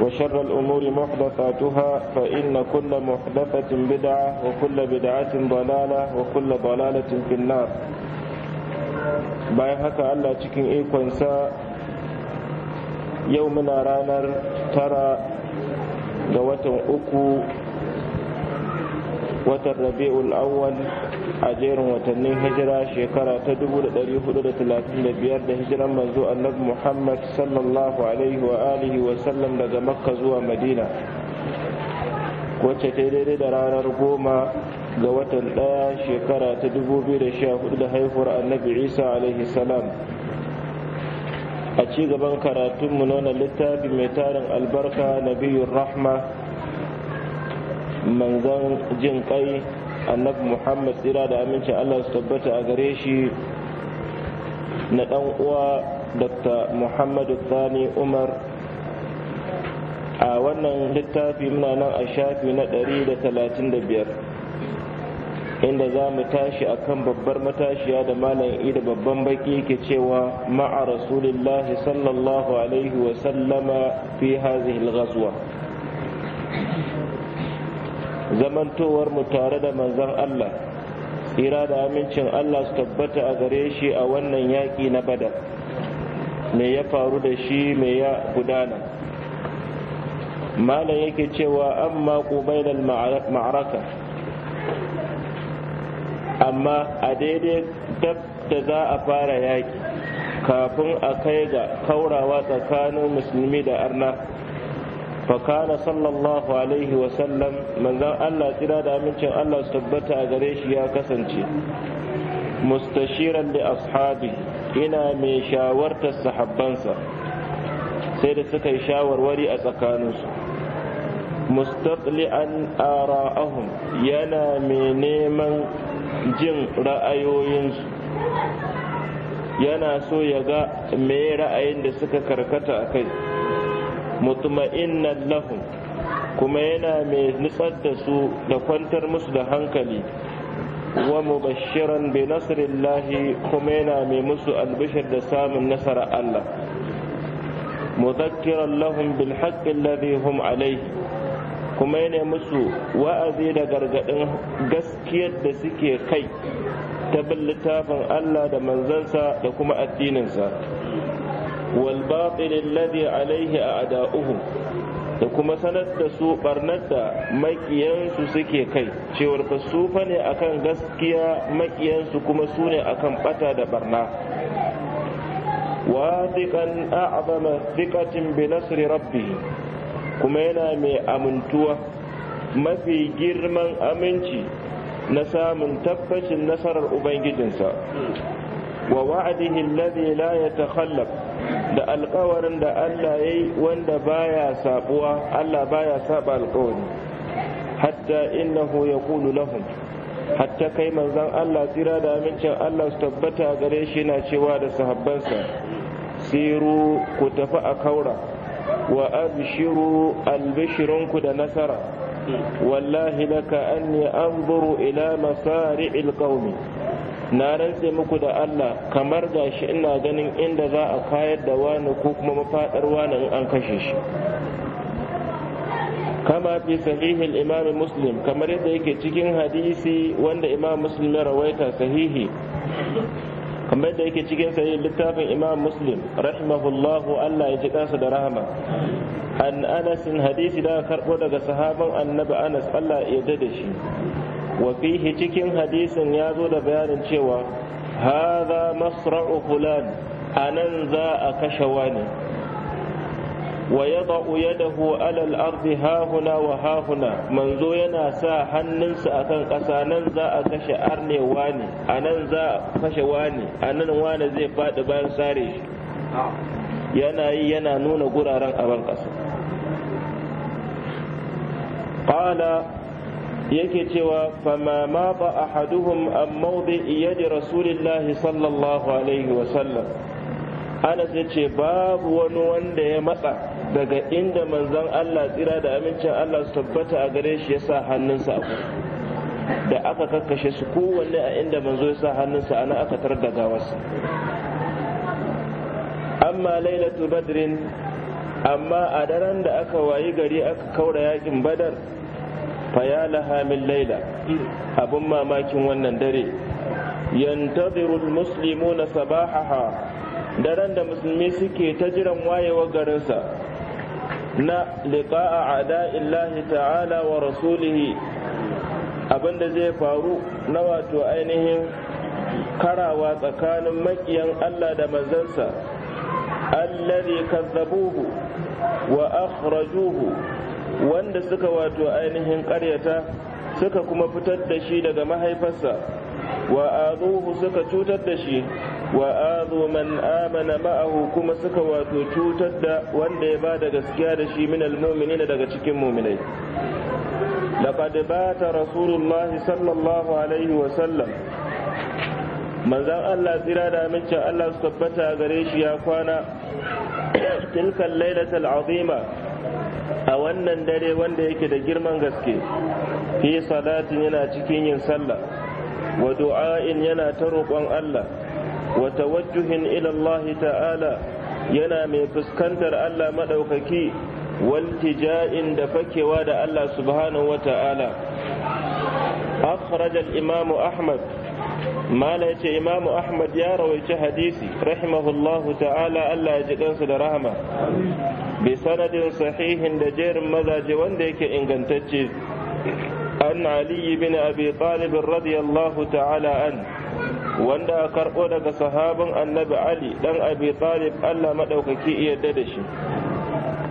وشر الأمور محدثاتها فإن كل محدثة بدعة وكل بدعة ضلالة وكل ضلالة في النار bayan haka Allah cikin ikonsa yau muna ranar tara ga watan uku watan rabi'ul awwal a jerin watannin hijira shekara ta 1435 da hijiran manzo annabi muhammad sallallahu alaihi wa alihi wa sallam daga makka zuwa madina wacce ta daidai da ranar goma ga watan ɗaya shekara ta 2014 da haihuwar annabi isa alaihi salam a ci gaban karatunmu nuna littafi mai tarin albarka nabiyun rahma manzan jin kai annabi muhammad tsira da aminci allah su tabbata a gare shi na dan uwa dr muhammadu sani umar a wannan littafi muna nan a shafi na da biyar. inda za mu tashi a kan babbar matashiya da malam ida babban baki ke cewa ma'a rasulillahi sallallahu alaihi wasallama fi hazihil ghazwa zamantowar mu tare da manzon Allah ira da amincin Allah su tabbata a gare shi a wannan yaƙi na bada me ya faru da shi me ya gudana malam yake cewa amma qubailal ma'araka amma a daidai dab da za a fara yaƙi kafin a kai ga kaurawa tsakanin musulmi da arna fakana sallallahu alaihi wasallam manzan Allah tsira da amincin Allah tabbata a gare shi ya kasance mustashiran da ashabi yana mai shawartar sahabbansa sai da suka shawarwari a tsakaninsu mustaqli'an ara'ahum yana mai neman jin ra'ayoyinsu yana so ya ga me ra'ayin da suka karkata a kai mutma'innan lahun kuma yana mai nutsar da su da kwantar musu da hankali wa mubashiran bi nasrillahi kuma yana mai musu albishir da samun nasara Allah mudhakkiran lahun bil haqqi alladhi hum kuma yana musu wa'azi da gargadin gaskiyar da suke kai ta bin littafin Allah da manzansa da kuma addininsa wal batil alladhi alaihi ada'uhu da kuma sanar da su barnar da su suke kai cewar su fa ne akan gaskiya su kuma su ne akan bata da barna wathiqan a'zama thiqatin bi nasri kuma yana mai amintuwa mafi girman aminci na samun tabbacin nasarar ubangijinsa wa wa'adihi alladhi ya yatakhallaf da alkawarin da Allah yayi wanda baya sabuwa Allah baya saba alƙawari hatta innahu yaqulu lahum hatta kai manzon Allah tsira da amincin Allah su tabbata gare shi na cewa da sahabbansa siru ku tafi a kaura wa abshiru albishirinku da nasara wallahi laka anni anzuru ila masari'il qaumi na rantse muku da Allah kamar gashi ina ganin inda za a kayar da wani ko kuma mafaɗar wani in an kashe shi kama fi sahihin imam muslim kamar yadda yake cikin hadisi wanda imam muslim ya rawaita sahihi kamar yadda yake cikin sahihin littafin imam muslim rahimahullahu Allah ya ji kansa da rahama an anas hadisi da karɓo daga sahaban annabi anas Allah ya da shi wa fihi cikin hadisin ya zo da bayanin cewa hadha masra'u fulan anan za a kashe wani wa yada'u yadahu ala al-ardi hahuna wa hahuna manzo yana sa hannunsa akan ƙasa nan za a kashe arne wani anan za a kashe wani anan wani zai faɗi bayan sare shi yana yi yana nuna guraren aban ƙasa qala yake cewa fama ma ba a haduhum an mawdi iyadi rasulillahi sallallahu alaihi wasallam anas ya ce babu wani wanda ya matsa daga inda manzon allah tsira da amincin allah su tabbata a gare shi ya sa hannunsa a da aka kakkashe su kowanne a inda manzo ya sa hannunsa ana aka tarda gawarsa amma lailatu badrin amma a daren da aka wayi gari aka kaura yakin badar ya laha min laila abun mamakin wannan dare yantaziru muslimuna sabahaha daren da musulmi suke ta jiran wayewar garinsa na liqa'a ada'illahi ta'ala wa rasulihi abinda zai faru na wato ainihin karawa tsakanin makiyan Allah da manzansa allazi kazzabuhu wa akhrajuhu wanda suka wato ainihin ƙaryata suka kuma fitar da shi daga mahaifarsa wa azuhu suka cutar da shi wa azu man amana ma'ahu kuma suka wato cutar da wanda ya ba da gaskiya da shi minal mu'minina daga cikin mu'minai laqad bata rasulullahi sallallahu alaihi wa sallam manzan Allah tsira da amincin Allah su tabbata gare shi ya kwana tilkan lailatul azima a wannan dare wanda yake da girman gaske fi salatin yana cikin yin sallah wa du'a'in yana ta roƙon Allah wa tawajjuhin ila Allah ta'ala yana mai fuskantar Allah madaukaki wal tija'in da fakewa da Allah subhanahu wa ta'ala akhraj imam ahmad mala imam ahmad ya rawaita hadisi rahimahullahu ta'ala Allah ya ji da rahma. bi sanadin sahihin da jerin mazaje wanda yake ingantacce an ali bin abi talib radiyallahu ta'ala an wanda a karɓo daga sahabin annabi ali dan abi talib allah maɗaukaki yarda da shi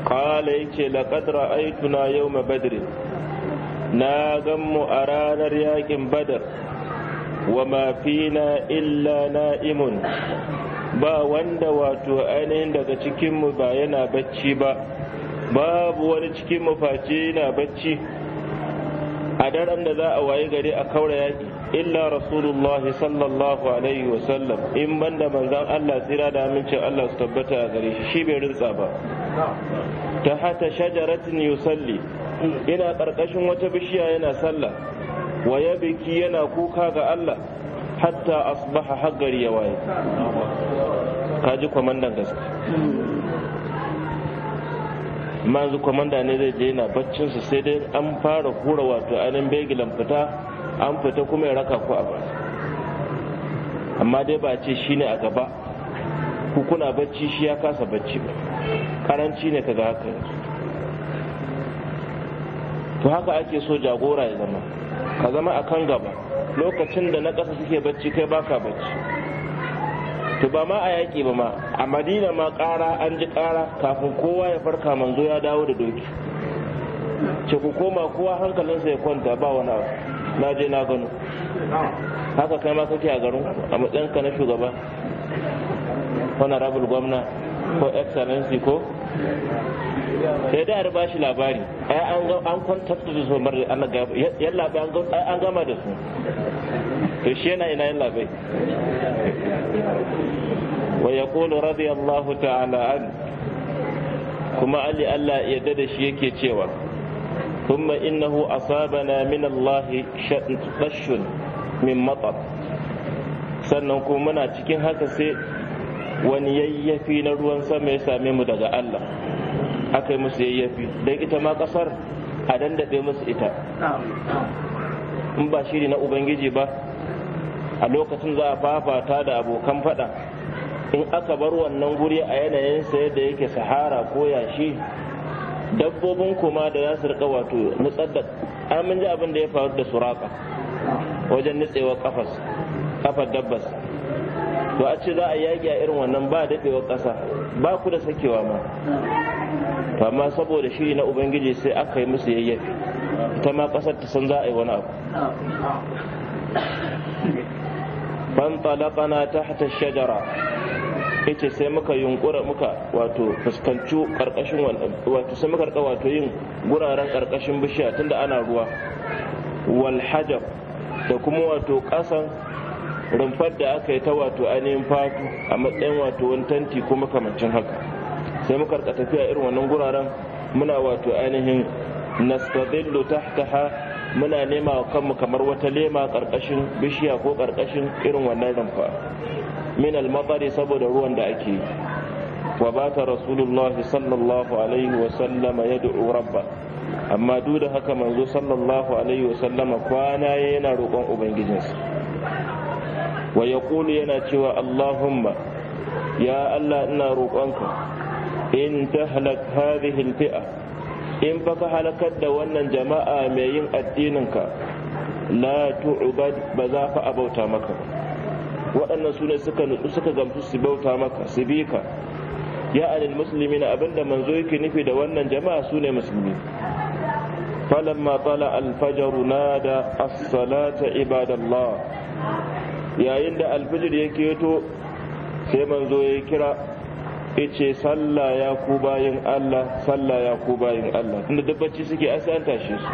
kala yace laqad ra'aytuna yawma badr na gan mu a ranar yakin badar wa ma fina illa na'imun ba wanda wato ainihin daga cikinmu ba yana bacci ba babu wani cikinmu face yana bacci a daren da za a wayi gari a kaura yaƙi illa rasulullah sallallahu alaihi wasallam in banda manzan Allah tsira da amincin Allah su tabbata a gare shi shi bai rintsa ba ta hata shajaratin yusalli ina ƙarƙashin wata bishiya yana sallah wa ya biki yana kuka ga Allah hatta asbaha har ya waye ka kwamandan gaske manzu ne zai je na su sai dai an fara hura wato ainihin begilan fita an fita kuma ya raka ku a ba amma dai ba ce shine a gaba ku kuna bacci shi ya kasa bacci ba karanci ne kaga haka to haka ake so jagora ya zama ka zama a kan gaba lokacin da na ƙasa suke bacci kai baka bacci to ba ma a yaki ba ma a madina ma ƙara an ji ƙara kafin kowa ya farka manzo ya dawo da doki ce ku koma kowa hankalinsa ya kwanta ba wani abu na je na gano haka kai ma kake a garin a matsayinka na shugaba honorable gwamna ko excellency ko sai da ya ba shi labari ai an kwantar da su mar an ga yalla an gama da su to shi yana ina yalla labai? wa yaqulu radiyallahu ta'ala an kuma ali Allah ya da shi yake cewa a saba na من الله طش min matsar sannan kuma muna cikin haka sai wani yayyafi na ruwan sama ya same mu daga Allah aka yi musu yayyafi don ita ma kasar a dandaɗe musu ita in ba shiri na ubangiji ba a lokacin za a fafata da abokan faɗa in aka bar wannan guri a yanayin yanayinsa yadda yake sahara ko yashi dabbobin kuma da za su rika wato nutsar da an ji abin da ya faru da suraka wajen nutsewa kafas kafar dabbas to a ce za a yaki a irin wannan ba daɗewar ƙasa ba ku da sakewa ma to amma saboda shiri na ubangiji sai aka yi musu yayyafi ita ma kasar ta san za a yi wani abu ta hata shajara ita sai muka yunkura muka wato fuskanci karkashin wato sai muka rika wato yin guraren karkashin bishiya tunda ana ruwa wal hajar da kuma wato kasan rumfar da aka yi ta wato ainihin fatu a matsayin wato wani tanti kuma kamancin haka sai muka rika tafiya irin wannan guraren muna wato ainihin nastadillu tahtaha muna nema wa kanmu kamar wata lema karkashin bishiya ko karkashin irin wannan rumfa min al saboda ruwan da ake yi wa bata rasulullahi sallallahu alaihi wa sallama yad'u rabba amma duk da haka manzo sallallahu alaihi wa sallama kwana yana roƙon ubangijinsa wa yaqulu yana cewa allahumma ya allah ina roƙonka in tahlak hadhihi alfi'a in fa ka halakar da wannan jama'a mai yin addininka la tu'bad ba za fa abauta maka waɗannan su suka nutsu suka gamsu su bauta maka su bi ka ya alil musulmi na abinda manzo yake nufi da wannan jama'a su ne musulmi falamma tala alfajaru nada as-salata ibadallah yayin da alfajir yake yato sai manzo ya kira ce sallah ya ku bayin Allah sallah ya ku bayin Allah tunda dabbaci suke ai sai an tashi su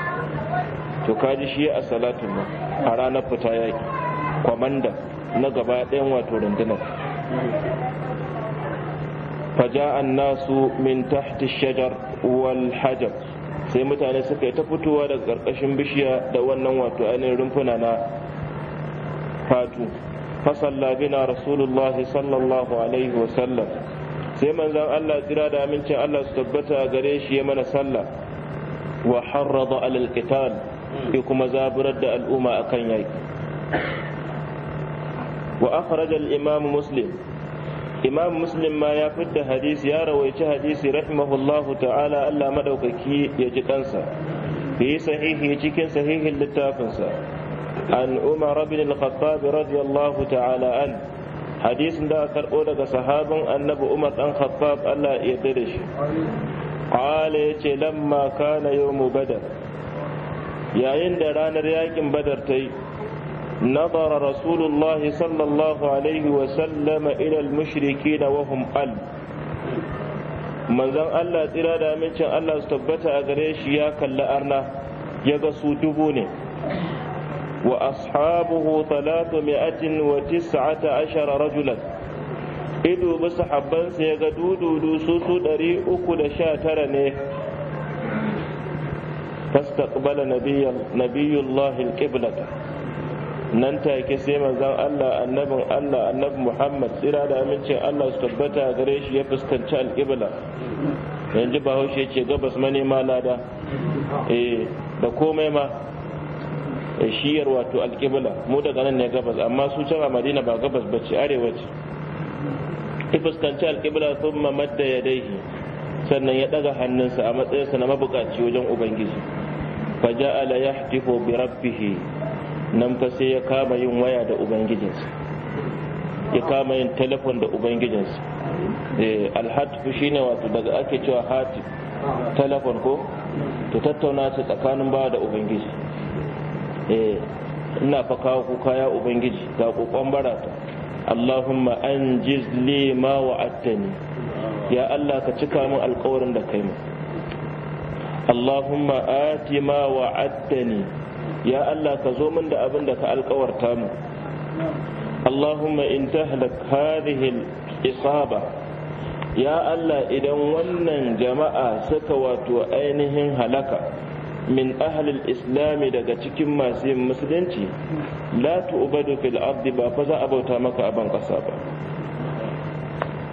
to kaji shi a salatin nan a ranar fita yaki kwamanda na gaba ɗayan wato rundunar faja nasu min tahti shajar wal hajar sai mutane suka yi ta fitowa daga ƙarƙashin bishiya da wannan wato ainihin rumfuna na fatu fasalla bina rasulullahi sallallahu alaihi wasallam sai manzon Allah tsira da amincin Allah su tabbata a gare shi ya mana sallah wa harrada alal qital ya kuma zaburar da al'umma akan yaki wa akhraja al imam muslim imam muslim ma ya fitta hadisi ya rawaici hadisi rahimahullahu ta'ala Allah madaukaki ya ji kansa fi sahihi cikin sahihin littafinsa an umar bin al-khattab radiyallahu ta'ala an hadisin da karɓo daga sahabin annabi umar ɗan khaffaf allah ya yarda da shi qala yace lamma kana yawmu badar yayin da ranar yakin badar ta yi نظر رسول الله صلى الله عليه وسلم إلى المشركين وهم al. manzon Allah tsira da amincin Allah su tabbata a gare shi ya kalla arna ya ga su dubu ne وأصحابه ثلاثمائة وتسعة عشر رجلا ido bisa habban sai ga dududu su su ɗari uku da sha tara ne nan take sai manzon Allah annabin Allah Muhammad tsira da amincin Allah su tabbata gare shi ya fuskanci yanzu bahaushe ce gabas manema lada da komai ma shiyar wato alƙibla mu daga nan ne gabas amma su can a madina ba gabas ba ce arewa ce ya fuskanci alƙibla sun da ya daihi sannan ya ɗaga hannunsa a matsayinsa na mabuƙaci wajen ubangiji fa ja'ala yahtifu bi rabbih nan fa sai ya kama yin waya da ubangijinsa ya kama yin telefon da ubangijinsa eh, alhatfu shine wato daga ake cewa hatif telefon ko to tattauna su tsakanin bawa da ubangiji Eh, ina fa kawo kuka ya ubangiji ga kokon barata Allahumma an jizli ma wa'attani ya Allah ka cika min alkawarin da kai min Allahumma ati ma wa'attani ya Allah ka zo min da abin da ka alkawarta mu Allahumma in tahlak hadhihi al-isaba ya Allah idan wannan jama'a suka wato ainihin halaka min ahlil islami daga cikin masu yin musulunci la ubadu fil ardi ba fa za a bauta maka kasa ba. ƙasa ba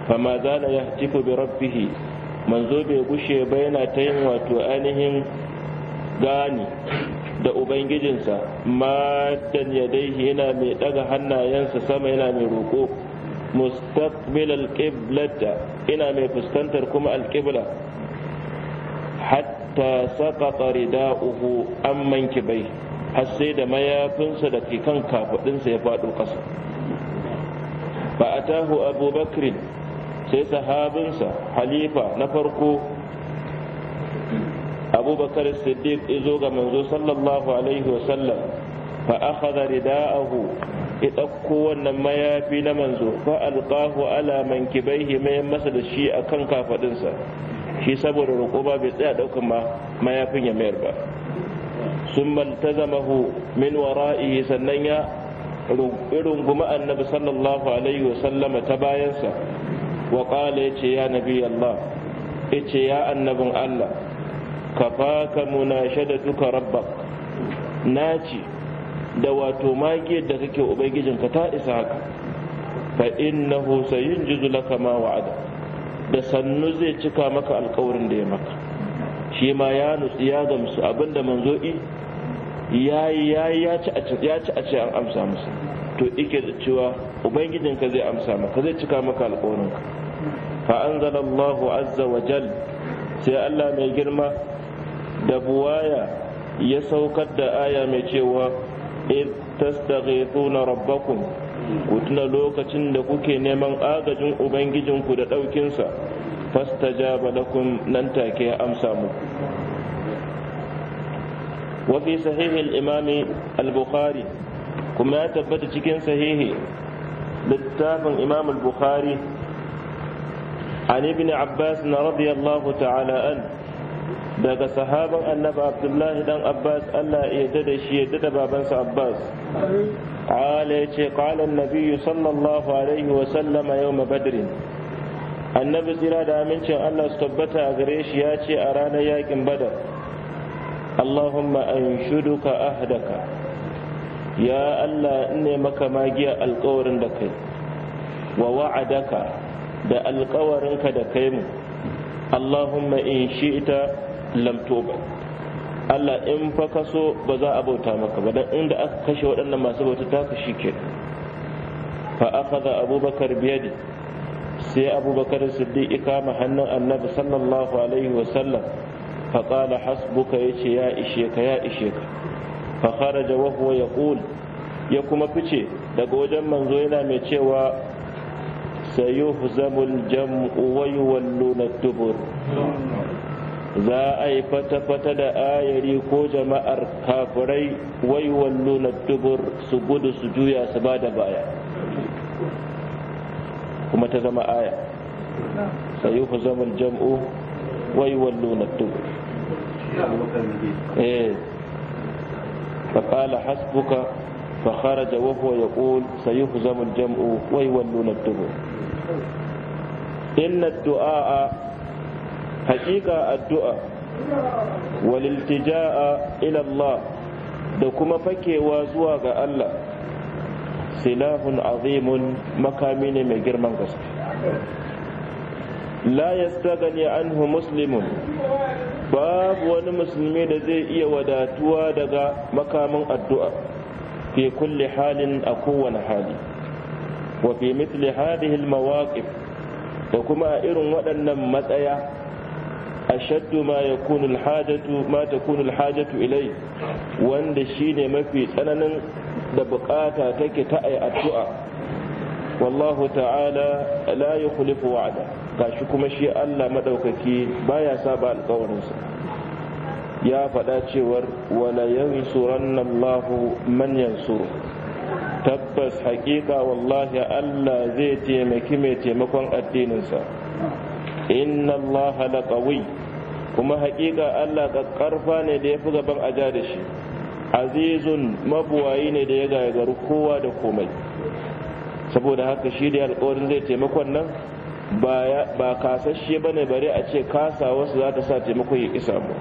fama zala yahtiku bi rabbihi manzo bai gushe ba yana ta yin wato ainihin gani da ubangijinsa madan yadaihi yana mai daga hannayensa sama yana mai roƙo mustaqbil alqiblata ina mai fuskantar kuma alqibla hatta hatta uku rida'uhu amman bai har sai da mayafinsa da ke kan kafadinsa ya faɗo ƙasa ba a abu bakr sai sahabinsa halifa na farko abu bakar siddiq izo ga manzo sallallahu alaihi wasallam fa akhadha rida'ahu ya ɗauko wannan mayafi na manzo fa alqahu ala mankibaihi mayan masa da shi akan kafadinsa shi saboda roƙo ba bai tsaya ɗaukan ma mayafin ya mayar ba sun maltazamahu min wara'ihi sannan ya guma annabi sallallahu alaihi wa sallama ta bayansa wa ƙala ya ce ya nabi Allah ya ce ya annabin Allah ka faka duka rabbak naci da wato magiyar da kake ubangijinka ta isa haka fa innahu jizu laka ma wa'ada da sannu zai cika maka alkawarin da ya maka shi ma ya nutsu ya gamsu abinda manzo i ya yi ya ci a ce an amsa musu to ike da cewa ubangijinka zai amsa maka zai cika maka alkawarinka fa anzalallahu azza wa jal sai Allah mai girma da buwaya ya saukar da aya mai cewa id tastaghithuna rabbakum ku tuna lokacin da kuke neman agajin ubangijinku da ɗaukinsa fastajaba lakum nan take ya amsa muku. wa fi sahihi al al-bukhari kuma ya tabbata cikin sahihi littafin imam al-bukhari an ibn abbas radiyallahu ta'ala anhu daga sahaban Annabi abdullahi dan abbas allah ya yarda da shi yarda da babansa abbas qala yace qala an-nabiy sallallahu alaihi wa sallama yawm badr annabi tsira da amincin allah su tabbata a gare shi ya ce a ranar yakin badar allahumma anshuduka ahdaka ya allah ne maka magiya alkawarin da kai wa wa'adaka da alkawarinka da kai mu allahumma in shi'ta lam tuqbal Allah in fa so ba za a bauta maka ba dan inda aka kashe waɗannan masu bauta ta ka shike fa akhadha abubakar biyadi sai abubakar siddiq ikama hannun annabi sallallahu alaihi wa sallam fa qala hasbuka yace ya ishe ka ya ishe ka fa kharaja wa huwa yaqul ya kuma fice daga wajen manzo yana mai cewa sayuhzamul jam'u wa yuwalluna dubur za a yi fata-fata da ayari ko jama'ar kafirai wai wallo na dubur su gudu su juya su ba da baya kuma ta zama aya sayi ku zama jam'u wai wallo na dubur فقال حسبك فخرج وهو يقول سيهزم الجمع ويولون الدبر إن الدعاء haƙiƙa addu'a waliltija'a ilallah da kuma fakewa zuwa ga Allah silahun azimun makami ne mai girman gaske la yastagani anhu muslimun babu wani musulmi da zai iya wadatuwa daga makamin addu'a fi kulli halin a kowane hali wa fi mithli hadhihi al da kuma a irin waɗannan matsaya أشد ما يكون الحاجة ما تكون الحاجة إليه وان شيني ما في سنن دبقاتا تكتأي الدعاء والله تعالى لا يخلف وعده gashi kuma shi Allah madaukaki baya saba alƙawarinsa ya faɗa cewar wala yansuranna Allahu man yansuru tabbas haƙiƙa wallahi Allah zai taimaki mai taimakon addininsa inna Allah laqawi kuma haƙiƙa Allah ƙarfa ne da ya fi gaban aja da shi azizun mabuwayi ne da ya gagaru kowa da komai saboda haka shi da alƙawarin zai taimakon nan ba kasashe ba ne bare a ce kasa wasu za ta sa taimako ya isa mu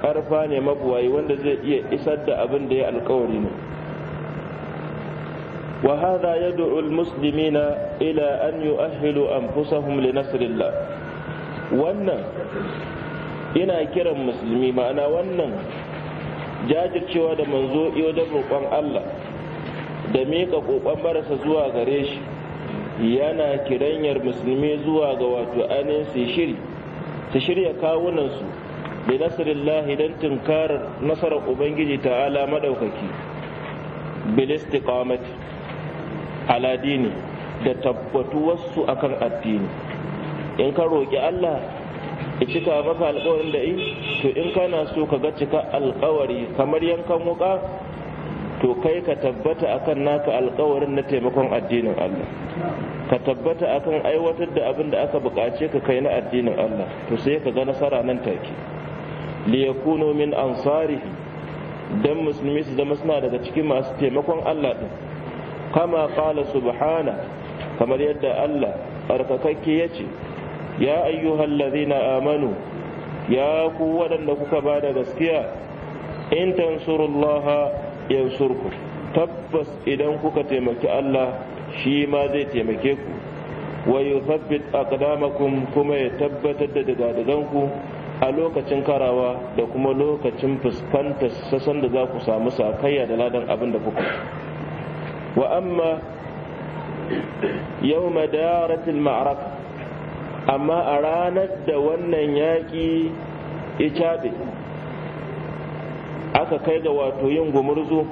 ƙarfa ne mabuwayi wanda zai iya isar da abin da ya alƙawari ne وهذا يدعو المسلمين إلى أن يؤهلوا أنفسهم لنصر الله wannan yana kiran musulmi ma'ana wannan jajircewa da manzo wajen roƙon Allah da mika ƙoƙon marasa zuwa gare shi yana kiranyar musulmi zuwa ga wato ainihin su shiri su shirya kawunansu da nasarillahi don tunkarar nasarar ubangiji ta'ala maɗaukaki bilistiqamat aladini da wasu akan addini in ka roƙi Allah cika maka alkawarin da in to in kana so ka ga cika alkawari kamar yankan wuka to kai ka tabbata akan naka alkawarin na taimakon addinin Allah ka tabbata akan aiwatar da abin da aka buƙace ka kai na addinin Allah to sai ka ga nasara nan take li yakunu min ansarihi dan musulmi su zama suna daga cikin masu taimakon Allah din kama qala subhana kamar yadda Allah barkakakke ce. ya ayyuhal ladhina amanu ya ku waɗanda kuka ba da gaskiya in tansurullaha yansurku tabbas idan kuka taimaki Allah shi ma zai taimake ku wa yuthabbit aqdamakum kuma ya tabbatar da dagadaganku a lokacin karawa da kuma lokacin fuskantar sassan da za ku samu sakayya da ladan abin da kuka wa amma yawma daratil ma'araka amma a ranar da wannan yaƙi ya caɓe aka kai ga wato yin gumurzu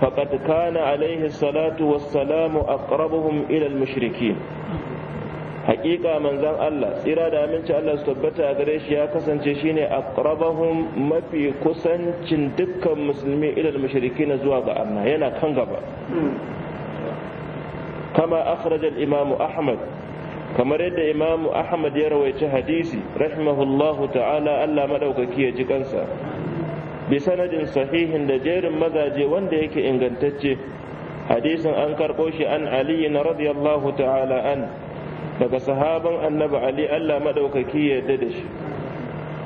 faƙad kana alaihi salatu wassalamu aqrabuhum ila haƙiƙa manzan Allah tsira da aminci Allah su tabbata a gare shi ya kasance shine aqrabahum mafi kusancin dukkan musulmi ilal mushriki na zuwa ga Allah yana kan gaba hmm. kama akhraj imamu Ahmad kamar yadda imamu ahmad ya rawaici hadisi rahimahullahu ta'ala allah maɗaukaki ya ji kansa bi sanadin sahihin da jerin mazaje wanda yake ingantacce hadisin an karɓo shi an aliyu na radiyallahu ta'ala an daga sahaban annabi ali allah maɗaukaki ya yarda da shi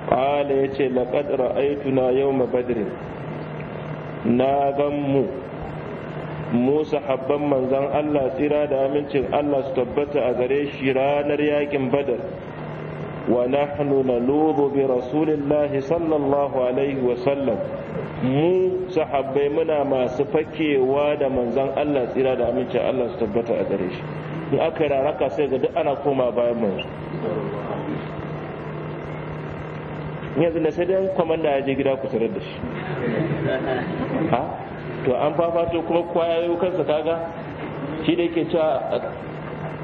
qala yace laqad ra'aytuna yawma yau badrin na gan mu Musa habban manzan Allah tsira da amincin Allah su tabbata a gare shi ranar yakin badar wa nahnu lobo bi rasulillahi sallallahu alaihi wa sallam mu sahabbai muna masu fakewa da manzan Allah tsira da amincin Allah su tabbata a gare shi in aka raraka sai ga duk ana koma bayan manzo yanzu da sai dai kwamanda ya je gida ku tarar da shi to an fafato kuma kwayayo kansa kaga shi da yake cewa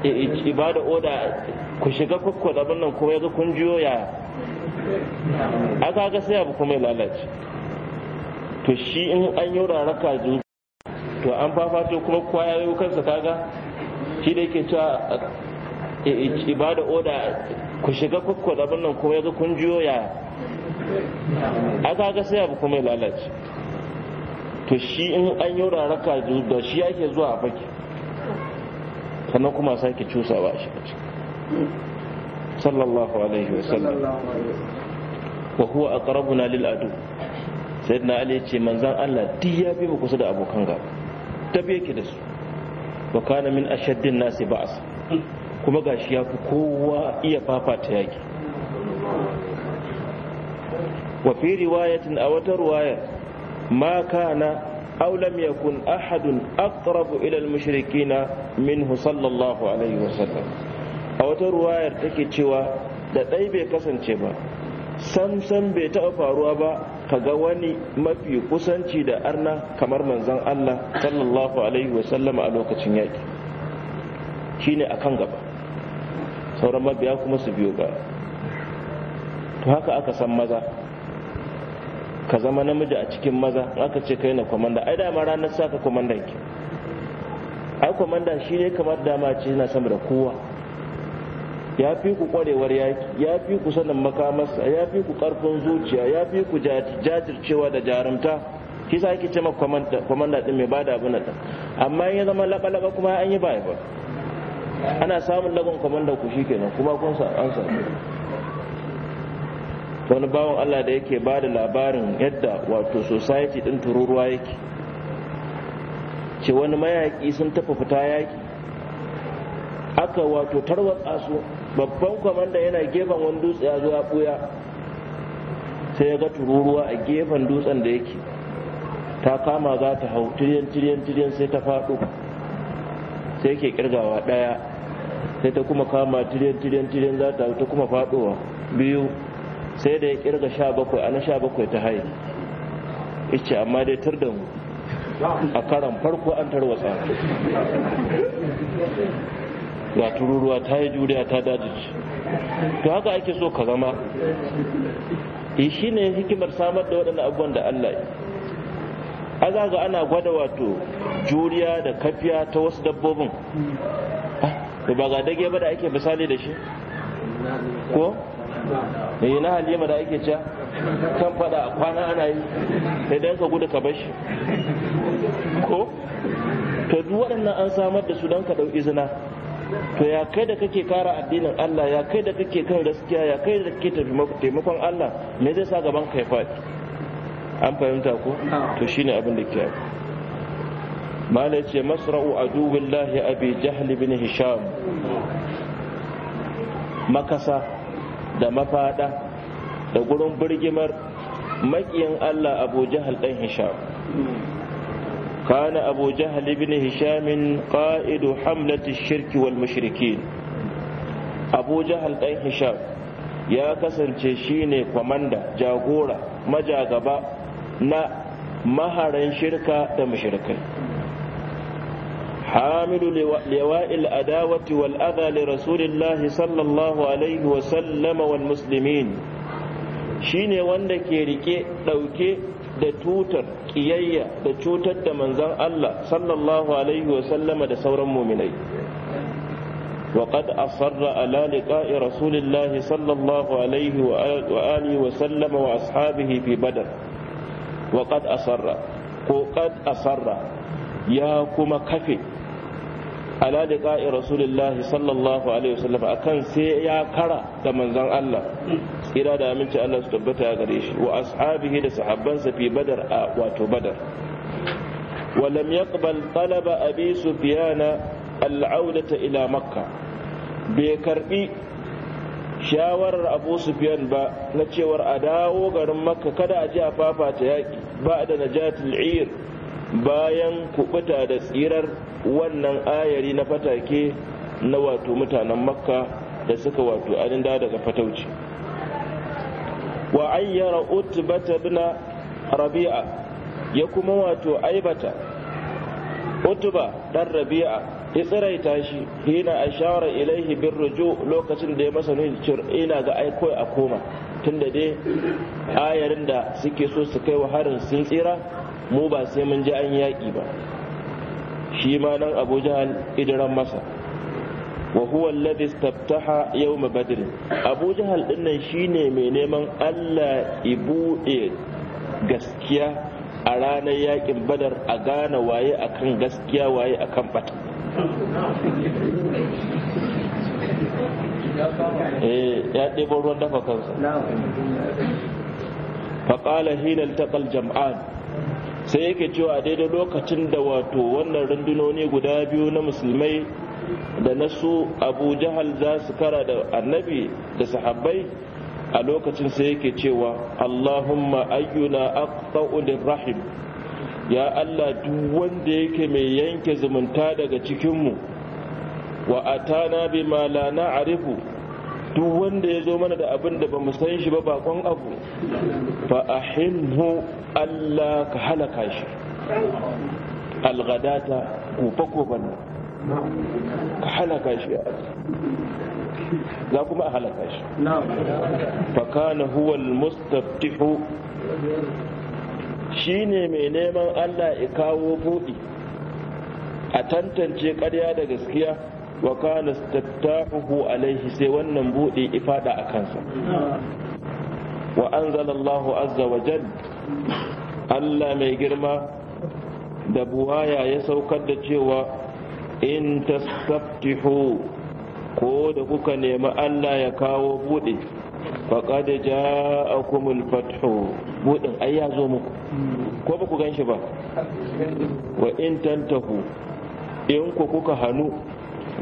eh, eh, ibada oda ku shiga kwakwa da nan kuma ya kun jiyo ya a kaga sai abu kuma ya lalace to shi in an yi raraka zu to an fafato kuma kwayayo kansa kaga shi da yake cewa eh, ibada oda ku shiga kwakwa da nan kuma ya kun jiyo ya a kaga sai abu kuma ya lalace to shi in an yi raraka da shi yake zuwa a fake sannan kuma sake cusawa a shi a ciki sallallahu alaihi wasallam wa huwa aqrabuna lil adu sayyidina ali yace manzan Allah duk ya bi mu kusa da abokan gaba tabi yake da su wa kana min ashaddin nasi ba'as kuma gashi ya fi kowa iya fafata yaki wa fi riwayatin a wata riwayar ما كان أو لم يكن أحد أقرب إلى المشركين mushrikina minhu sallallahu alaihi وسلم a wata ruwayar تشوى cewa da ɗai bai kasance ba samsam bai taɓa faruwa ba kaga wani mafi kusanci da arna kamar manzan Allah sallallahu alaihi wasallam a lokacin yaƙi shine akan gaba sauran mabiya kuma su biyo ba to haka aka san maza ka zama namiji a cikin maza aka ce kai na kwamanda ai dama ranar sa ka kwamandan ki ai kwamanda shi ne kamar dama ce yana sama da kowa ya fi ku kwarewar yaki ya fi ku sanin makamarsa ya fi ku karfin zuciya ya fi ku jajircewa da jarumta shi sa ake ce ma kwamanda din mai bada abin da amma ya zama laba-laba kuma an yi ba ba ana samun lagon kwamanda ku shi kenan kuma kun sa an samu wani bawan Allah da yake ba da labarin yadda wato society din tururuwa yake ce wani mayaƙi sun tafi fita yaƙi aka wato tarwatsa su babban kwamanda yana gefen wani dutse ya zo ya ɓuya sai ya ga tururuwa a gefen dutsen da yake ta kama za ta hau tiriyan tiriyan tiriyan sai ta faɗo sai ke kirgawa ɗaya sai ta kuma kama tiriyan tiriyan tiriyan za ta hau ta kuma faɗowa biyu sai da ya kirga sha bakwai ana sha bakwai ta haihu ice amma dai tur da mu a karan farko an tarwa tarwatsa ga tururuwa ta yi juriya ta dajici to haka ake so ka zama e, shi ne hikimar samar da waɗannan abubuwan da Allah a zaga ana gwada wato juriya da kafiya ta wasu dabbobin ah, ba ga dage ba da ake misali da shi ko yi eh, na halima da ake cewa kan fada a kwana ana yi sai dan ka gudu ka bashi ko to duk waɗannan an samar da su don ka dau izina to ya kai da kake kara addinin Allah ya kai da kake kan gaskiya ya kai da kake taimakon Allah me zai sa gaban kai faɗi an fahimta ko to shine abin da ke malai ce masra'u aduwillahi abi jahl bin hisham makasa da mafaɗa da gurin birgimar maƙiyin Allah Abu Jahal ɗan Hisham. Kana Abu Jahal ibn Hishamin ƙa'idu hamlati shirki wal mushrikin. Abu Jahal ɗan Hisham ya kasance shine kwamanda jagora majagaba na maharan shirka da mushrikai. حامل لواء الأداوة والأذى لرسول الله صلى الله عليه وسلم والمسلمين shine wanda ke rike ɗauke da tutar ƙiyayya da cutar da manzan Allah sallallahu alaihi wasallama da sauran muminai وقد أصر على لقاء رسول الله صلى الله عليه وآله وسلم وأصحابه في بدر وقد أصر وقد أصر يا كما كفي ala liqa'i rasulillahi sallallahu alaihi wasallam akan sai ya kara da manzon Allah ira da aminci Allah su tabbata gare shi wa ashabihi da sahabbansa fi badar a wato badar wa lam yaqbal talaba abi sufyana al'audata ila makka bai karbi shawarar abu sufyan ba na cewar a dawo garin makka kada a ji a fafata yaki ba da najatul ir bayan kubuta da tsirar wannan ayari na fatake na wato mutanen makka da suka wato aninda daga fatauci wa ayyara utbata bin rabi'a ya kuma wato aibata utuba dan rabi'a ya tsiraita shi hina ashara ilaihi bin lokacin da ya masa nuni ina ga aiko a koma tunda dai ayarin da suke so su kai wa harin sun tsira mu ba sai mun ji an yaƙi ba shi ma nan abu jahal idiran masa wa huwa alladhi istaftaha yawm badr abu jahal dinnan shine mai neman Allah bude gaskiya a ranar yakin badar a gane waye akan gaskiya waye akan bata eh ya ɗebo ruwan dafa kansa faƙala hinal taƙal jam'an sai yake cewa a daidai lokacin da wato wannan rundunoni guda biyu na musulmai da na su abu jahal za su kara da annabi da sahabbai a lokacin sai yake cewa allahumma ayyuna aqta'u lirrahim ya allah duk wanda yake mai yanke zumunta daga cikinmu wa atana bima la na'rifu duk wanda ya zo mana da abin da ba mu san shi ba bakon abu fa ahimhu Allah ka halaka shi algadata kofa kofan nan ka halaka shi za kuma a halaka shi fa kana huwa almustaftihu shine mai neman Allah ya kawo buɗi a tantance ƙarya da gaskiya wa kana tattahu alaihi sai wannan bude ifada a kansa wa Allah azza wa jal Allah mai girma da buwaya ya saukar da cewa in tastaftihu ko da kuka nemi Allah ya kawo bude faqad ja'akumul fathu budin ai ya zo muku ko ba ku ganshi ba wa in tantahu in ku kuka hannu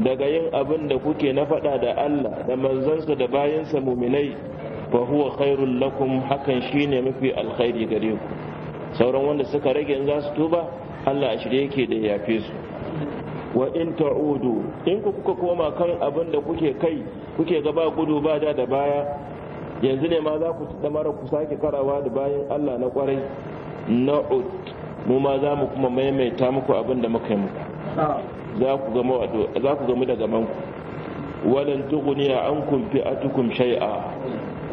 daga yin abin da kuke na faɗa da Allah da manzansa da bayansa muminai fa huwa khairul lakum hakan shine mafi alkhairi gare ku sauran wanda suka rage in za su tuba Allah a shirye yake da yafe su wa in ta'udu in ku kuka koma kan abin da kuke kai kuke gaba gudu ba da da baya yanzu ne ma za ku da mara ku sake karawa da bayan Allah na kwarai na'ud mu ma za mu kuma maimaita muku abin da muka yi muku za ku gama da za ku gama an kumfi a tukun shai'a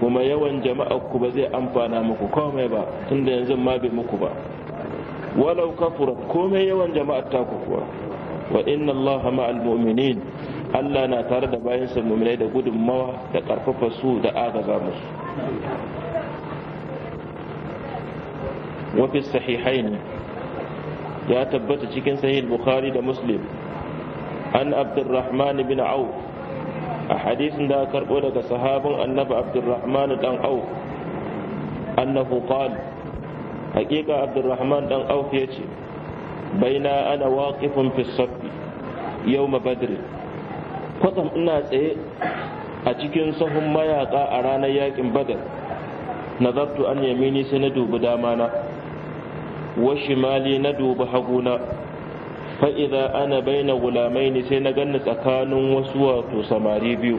kuma yawan jama'a ku ba zai amfana muku komai ba tunda yanzu ma bai muku ba walau kafura komai yawan jama'a ta kuwa wa inna allaha ma'al mu'minin Allah na tare da bayansa mu'minai da gudunmawa da karfafa su da agaza musu wa fi sahihaini ya tabbata cikin sahih bukhari da muslim an abdurrahman bin auf a hadisin da karɓo daga sahabin annabi abdurrahman dan au annahu qala haƙiƙa abdurrahman dan auf ya ce baina ana waqifun fi Yau yawm badr kwatsam ina tsaye a cikin sahun mayaka a ranar yakin badar nazartu an yamini sai na dubi damana wa shimali na dubi haguna fa'iza ana baina ne, sai na ganni tsakanin wasu wato samari biyu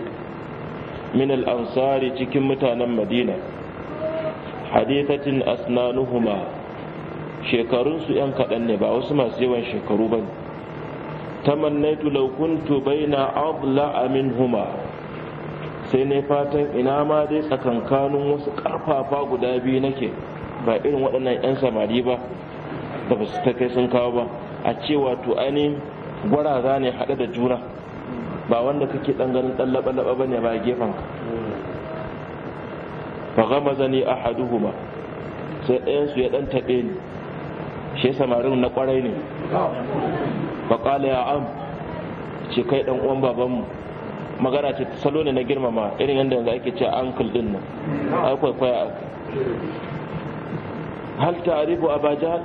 min al'ansari cikin mutanen madina hadithatin asnanuhuma shekarunsu ‘yan kaɗan ne ba wasu masu yawan shekaru ba tamannaitu law kuntu baina adla huma. sai ne fatan ina ma dai tsakankanin wasu ƙarfafa guda biyu nake ba irin waɗannan 'yan samari ba da ba su ta kai sun kawo ba a ce wato ainihin gwaraza ne haɗe da juna ba wanda kake ɗan ganin ɗan laɓa-laɓa ba ne ba gefen ka fa gama zani a ba sai ɗayansu ya ɗan taɓe ni shi samarin na ƙwarai ne fa ƙala ya am ce kai ɗan uwan babanmu magana ce salo ne na girmama irin yadda yanzu ake ce uncle ɗin nan ai kwaikwaya hal ta'arifu abajal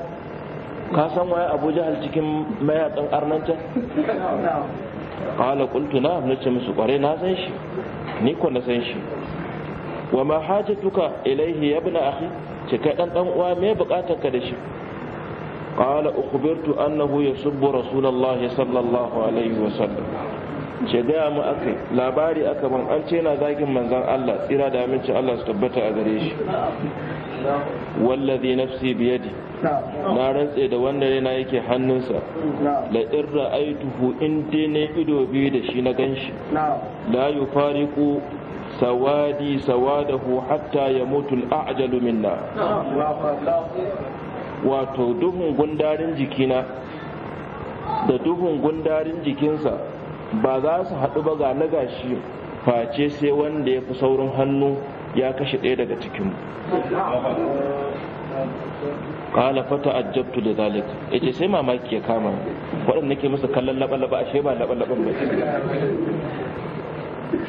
ka san waye abu jahal cikin mayakan arnanta qala qultu na nace musu kware na san shi ni ko na san shi wa ma hajatuka ilaihi ya a akhi ce kai dan dan uwa me bukatar ka da shi qala ukhbirtu annahu yasubbu rasulullahi sallallahu alaihi sallam. ce gaya mu aka labari aka ban an ce na zagin manzan Allah tsira da aminci Allah su tabbata a gare shi wallazi nafsi biyadi na rantse da wanda yana yake hannunsa la irra tuhu in dai ne ido biyu da shi na ganshi la yufariqu sawadi sawadahu hatta yamutu al-a'jalu minna wato duhun gundarin jikina da duhun gundarin jikinsa ba za su haɗu ba ga na gashi face sai wanda ya fi saurin hannu ya kashe ɗaya daga cikinmu kala fata ajabtu da Ya ce sai mamaki ya kama waɗanda ke musu kallon laba-laba a ba laba-laban mai.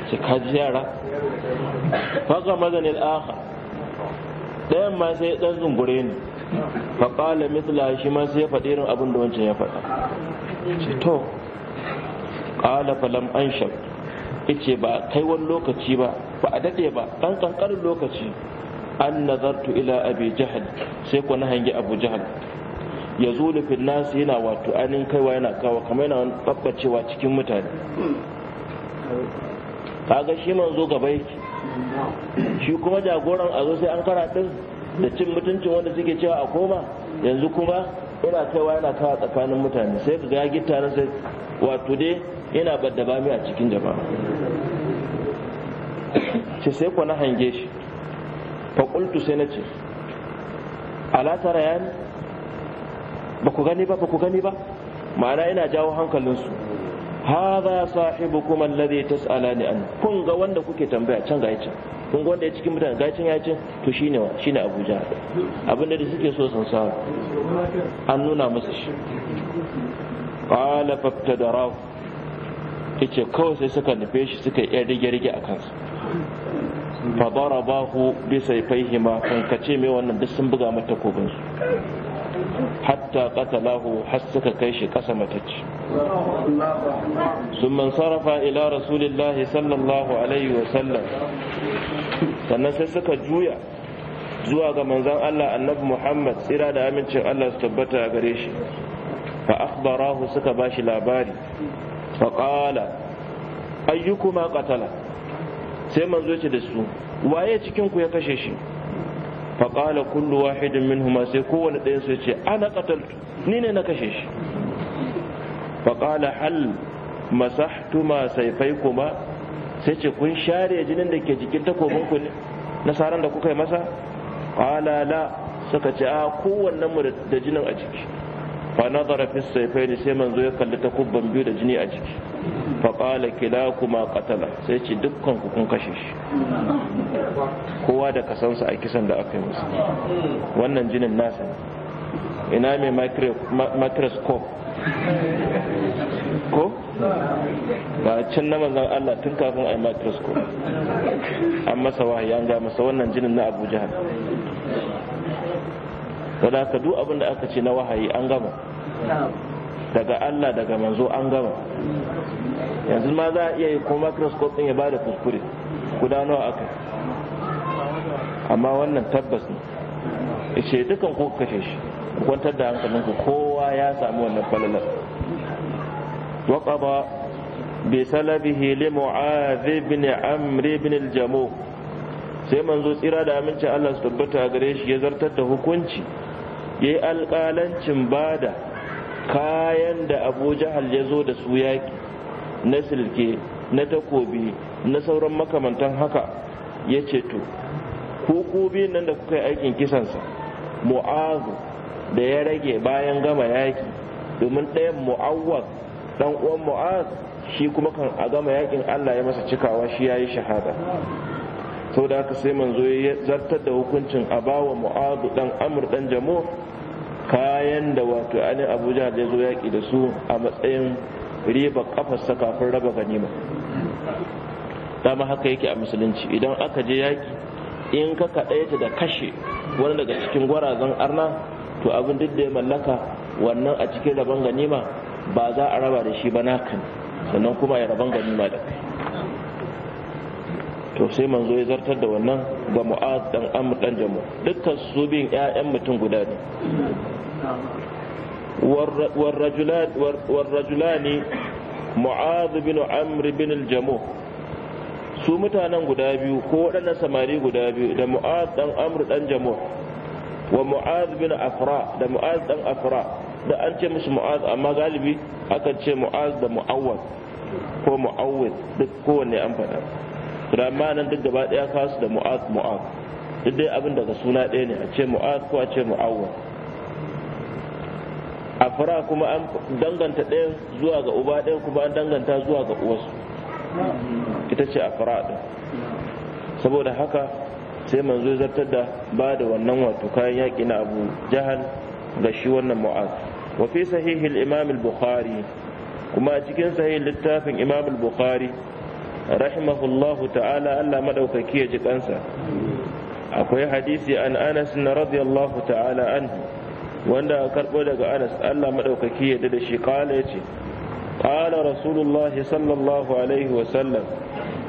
ce ka ji yara faga mazanin aka ɗayan ma sai ɗan zungure ne faƙala mitla shi ma sai ya faɗi irin abin da wancan ya faɗa ce to qala falam anshab yace ba kai wani lokaci ba ba a dade ba dan ƙanƙarin lokaci an nazartu ila abi jihar, sai ko na hangi abu jihar. ya da fil nas yana wato anin kaiwa yana kawo kamar yana wani babbacewa cikin mutane kaga shi manzo gaba yake shi kuma jagoran a zo sai an karatin da cin mutuncin wanda suke cewa a koma yanzu kuma ina kaiwa yana kawo tsakanin mutane sai ka ga gita na sai wato dai yana badda bami a cikin jama'a ce sai ku na hange shi fa qultu sai nace ala tara yan ba ku gani ba ba ku gani ba ma'ana ina jawo su hadha sahibukum alladhi tas'alani an kun ga wanda kuke tambaya can ga can kun gwanda ya cikin mutane gacin ya cin to shi ne Abuja abinda da suke so sun samu an nuna musu shi qala faftadarahu ce kawai sai suka nufe shi suka yi rige-rige a kansa bahu bisa yi kan kace mai wannan duk sun buga mata kogin su hatta qatalahu har suka kai shi kasa matacce sun man sarrafa ila rasulillahi sallallahu alaihi wa sallam sannan sai suka juya zuwa ga manzon Allah annabi Muhammad tsira da amincin Allah su tabbata gare shi fa akhbarahu suka bashi labari fa qala ayyukuma qatala sai manzo ce da su waye cikin ku ya kashe shi faƙala kullu wahidin minhuma sai kowane ɗayan su ce ana qataltu ni ne na kashe shi faƙala hal masahtuma kuma sai ce kun share jinin da ke jikin takobin ku ne nasaran da kuka yi masa qala la suka ce a kowanne mu da jinin a jiki fa nazara fi sayfaini sai manzo ya kalli ta kubban biyu da jini a ciki fa qala kuma qatala sai ce dukkan ku kun kashe shi kowa da kasansa a kisan da aka yi masa wannan jinin nasa ina mai microscope ko ba can na manzan Allah tun kafin a yi microscope an masa wahayi an ga masa wannan jinin na Abu Jahal wadda ka duk abin da aka ce na wahayi an gama daga Allah daga manzo an gama yanzu ma za a iya yi ko microscope din ya bada kuskure gudano aka amma wannan tabbas ne ce dukan ko kashe shi kwantar da ku. kowa ya samu wannan falalar وقضى بسلبه لمعاذ بن عمرو بن الجموح sai manzo tsira da aminci Allah su tabbata a gare shi ya zartar da hukunci ya yi alƙalancin bada kayan da abu jahal ya zo da su yaƙi na silke na takobi na sauran makamantan haka ya ce to ko nan da kuka yi aikin kisansa mu'azu da ya rage bayan gama yaƙi domin ɗayan mu'awwaz ɗan uwan mu'azu shi kuma kan a gama yaƙin allah ya masa cikawa shi ya yi shahada sau da haka sai manzo ya zartar da hukuncin a bawa mu'azu ɗan amur ɗan jamo kayan da wato ainihin abu jihar ya zo yaƙi da su a matsayin riba kafarsa kafin raba ganima dama haka yake a musulunci idan aka je yaƙi in ka kaɗaita da kashe wani daga cikin gwarazan arna to abin duk da ya mallaka wannan a cikin rabon ganima ba za a raba da shi ba naka sannan kuma ya rabon ganima da kai to sai manzo ya zartar da wannan ga mu'az dan amr dan jamu dukkan su bin ƴaƴan mutum guda ne warrajulani mu'az bin amr bin jamu su mutanen guda biyu ko waɗannan samari guda biyu da mu'az dan amr dan jamu wa mu'az bin afra da mu'az dan afra da an ce musu mu'az amma galibi akan ce mu'az da mu'awwad ko mu'awwid duk kowanne an faɗa to nan duk gaba daya kasu da mu'ad mu'ad duk dai abin daga suna ɗaya ne a ce mu'ad ko a ce mu'awwal a fara kuma an danganta daya zuwa ga uba daya kuma an danganta zuwa ga uwarsu ita ce a fara ɗin saboda haka sai manzo zartar da ba da wannan wato kayan yaƙi na abu jahal ga shi wannan mu'ad. wa fi sahihil imam al-bukhari kuma a cikin sahihin littafin imam al-bukhari rahimahullahu ta'ala Allah madaukaki ya ji kansa akwai hadisi an Anas na radiyallahu ta'ala an wanda karbo daga Anas Allah madaukaki ya da shi kala yace qala rasulullah sallallahu alaihi wa sallam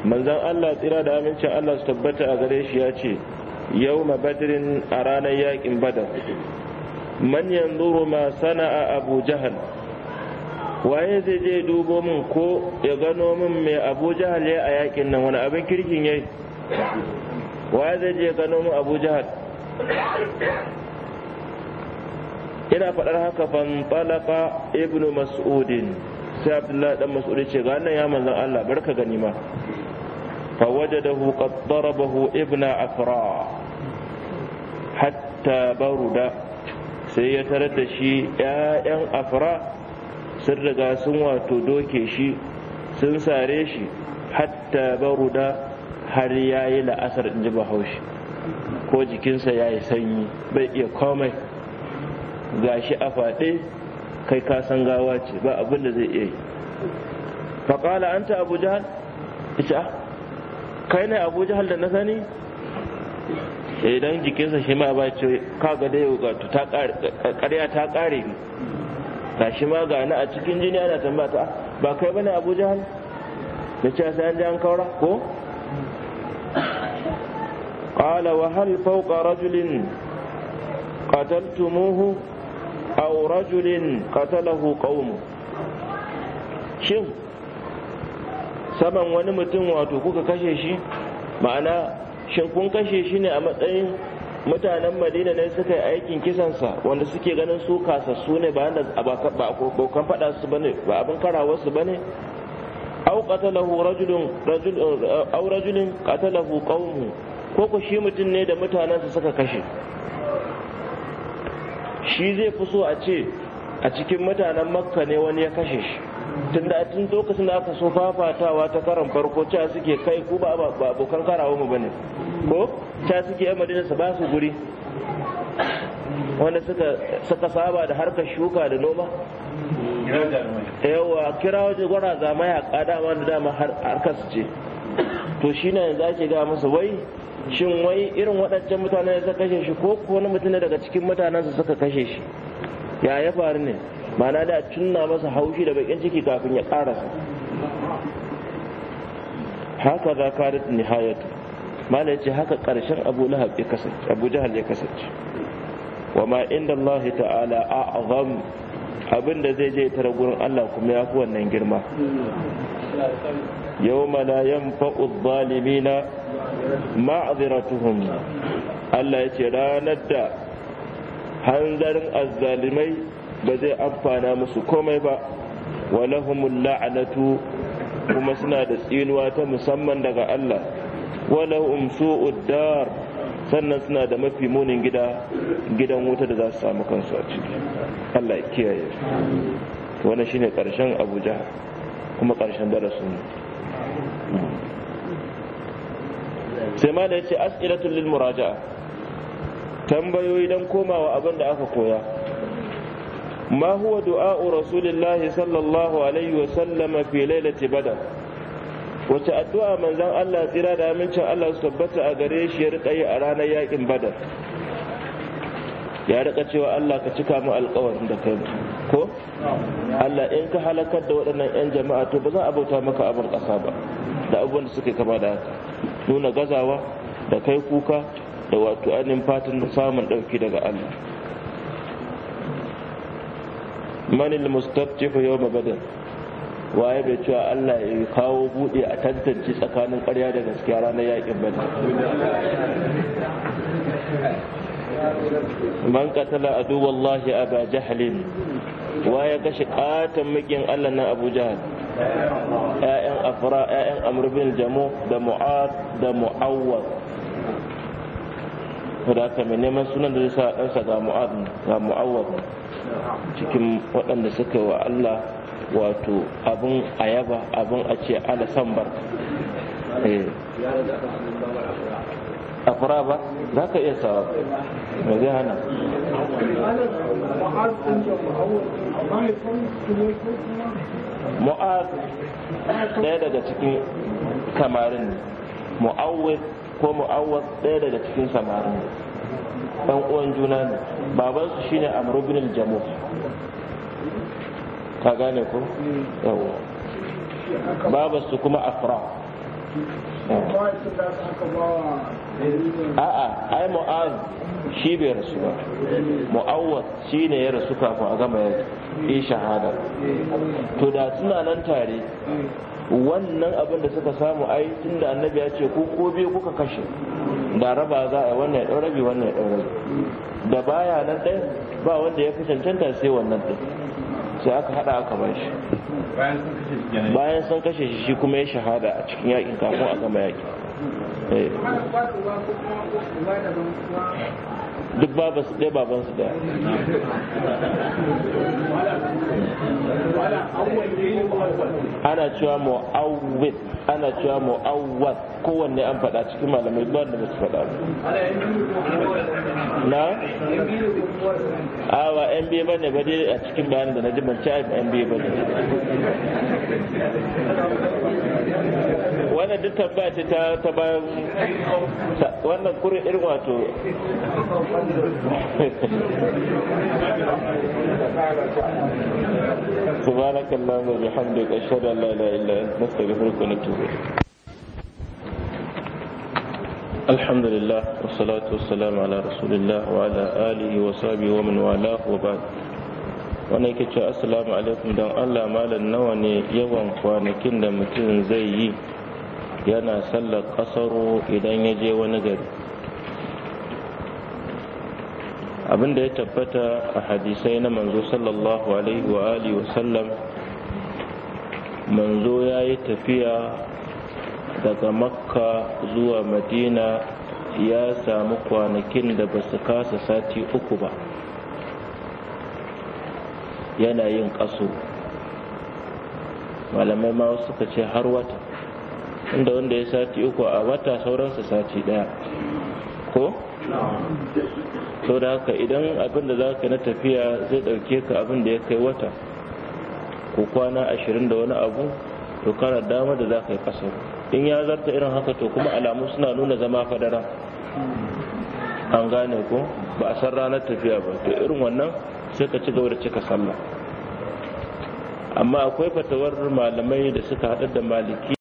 Manzan Allah tsira da aminci Allah su tabbata a gare shi yace yau badrin a ranar yakin badar man yanzuru ma sana'a abu jahal waye zai je dubo min ko ya gano min mai abu jahal ya a yakin nan wani abin kirkin ya yi. waye zai je gano min abu jahal ina faɗar haka ban talaka ibnu mas'udin sai abdullahi dan mas'udi ce ga nan ya manzon Allah barka gani ma fa wajadahu qad darabahu ibna afra hatta baruda sai ya tarar da shi 'ya'yan afra sun riga sun wato doke shi sun sare shi hatta baruda har ya yi la'asar in ji bahaushe ko jikinsa ya yi sanyi bai iya komai gashi a faɗe kai ka san gawa ce ba abin da zai iya yi faƙala an ta abu jahal ita ah, kai ne abu jahal da na sani idan jikinsa shi ma ba ce kaga dai ta ƙarya ta ƙare ne gashi ma gani a cikin jini ana tambaya ah, ba kai bane Abu Jahal da cewa ah, sai an ji an kaura ko qala wa hal fawqa rajulin qataltumuhu aw rajulin qatalahu qaumu shin saman wani mutum wato kuka kashe shi ma'ana shin kun kashe shi ne a matsayin mutanen madina ne suka yi aikin kisansa wanda suke ganin su kasassu ne ba abokan faɗa su ba ne ba abin karawar su ba ne au rajulun au rajulin qatalahu qaumu ko ku shi mutum ne da mutanensa suka kashe shi zai fi so a ce a cikin mutanen makka ne wani ya kashe shi tunda a tun lokacin da aka so fafatawa ta karan farko cewa suke kai ku ba abokan karawar mu ba ne? ko ta suke yan madina su ba su guri wanda suka saba da harkar shuka da noma yawa kira waje gwara zama ya kada wanda dama harkar su ce to shi na yanzu ake ga musu wai shin wai irin waɗancan mutanen da suka kashe shi ko wani mutum daga cikin mutanen su suka kashe shi ya ya faru ne Mana da tunna masa haushi da bakin ciki kafin ya karasa haka za ka nihayatu malai ce haka karshen abu lahab ya kasance abu jahal ya kasance wa ma inda Allah ta'ala a'zam abinda zai je tare gurin Allah kuma yafi wannan girma Yau la yanfa'u adh-dhalimina ma'dhiratuhum Allah yace ranar da hanzarin azzalimai ba zai amfana musu komai ba wa lahumul la'natu kuma suna da tsinuwa ta musamman daga Allah walau umsu uddar sannan suna da mafi munin gida gidan wuta da za su samu kansu a ciki Allah ya kiyaye wannan shine karshen Abuja kuma karshen darasin sai ma da yace as'ilatu lil muraja'a tambayoyi dan komawa abin da aka koya ma huwa du'a'u rasulillahi sallallahu alaihi wa sallama fi lailati badr wace addu'a manzon Allah tsira da amincin Allah su tabbata a gare shi ya rika yi a ranar yakin badar ya rika cewa Allah ka cika mu alƙawarin da kai ko Allah in ka halakar da waɗannan 'yan jama'a to ba za a bauta maka abin ƙasa ba da abubuwan da suke kama da haka nuna gazawa da kai kuka da wato ainihin fatan samun ɗauki daga Allah manil al yau yawma badar waye bai cewa Allah ya kawo buɗe a tantance tsakanin ƙarya da gaskiya ranar yakin bane man qatala adu wallahi aba jahlin waye kashe katan mikin Allah na Abu Jahl ƴaƴan afra ƴaƴan Amr bin da Mu'ad da Mu'awwad da haka mai neman sunan da zai sa ɗansa ga Mu'ad ga Mu'awwad cikin waɗanda suka wa Allah wato abin a yaba abin a ce ala eh. a fura ba za ka iya sawa ba zai hana mu'ad ɗaya daga cikin samarin mu'awwid ko mu'awwad ɗaya daga cikin samarin ɗan uwan juna ne babansu shine amru bin jamus ka gane ku? yawa babu su kuma afra a'a ai mu'az shi bai rasu ba mu'awwad shi ne ya rasu kafin a gama yi shahada to da suna nan tare wannan abin da suka samu ai tun da annabi ya ce ko ko biyu kuka kashe da raba za a wannan ya ɗau rabi wannan ya ɗau rabi da baya nan ɗaya ba wanda ya fi cancanta sai wannan ɗaya sai aka hada aka ba shi bayan sun kashe shi shi kuma ya shahada a cikin yakin kafin a gama yaki duk babu su ɗaya baban su ɗaya ana cewa mu'awwid ana cewa mu'awwad kowanne an faɗa cikin malamai ba da su faɗa na awa nba biye ba ne ba dai a cikin bayanin da na ji ban ci yan biye ba ne wannan duk tambaya ce ta ta bayan wannan kurin irin wato سبحانك اللهم وبحمدك أشهد أن لا إله إلا أنت نستغفرك ونتوب الحمد لله والصلاة والسلام على رسول الله وعلى آله وصحبه ومن والاه وبعد wanda yake cewa assalamu alaikum don allah malam nawa ne yawan kwanakin da mutum zai yi yana sallar kasaro idan ya je wani gari abin da ya tabbata a hadisai na manzo sallallahu alaihi wa alihi wa sallam manzo ya yi tafiya daga makka zuwa madina ya samu kwanakin da ba su kasa sati uku ba yana yin kaso malamai ma suka ce har wata inda wanda ya sati uku a wata sauransa sati daya ko? da haka idan abin da za ka na tafiya zai ɗauke ka abin da ya kai wata ko kwana ashirin da wani abu to kana dama da za ka yi ƙasar in ya zarta irin haka to kuma alamu suna nuna zama fadara an gane ko ba a san ranar tafiya ba to irin wannan sai ka ci gaba da cika sallah amma akwai fatawar malamai da suka haɗar da maliki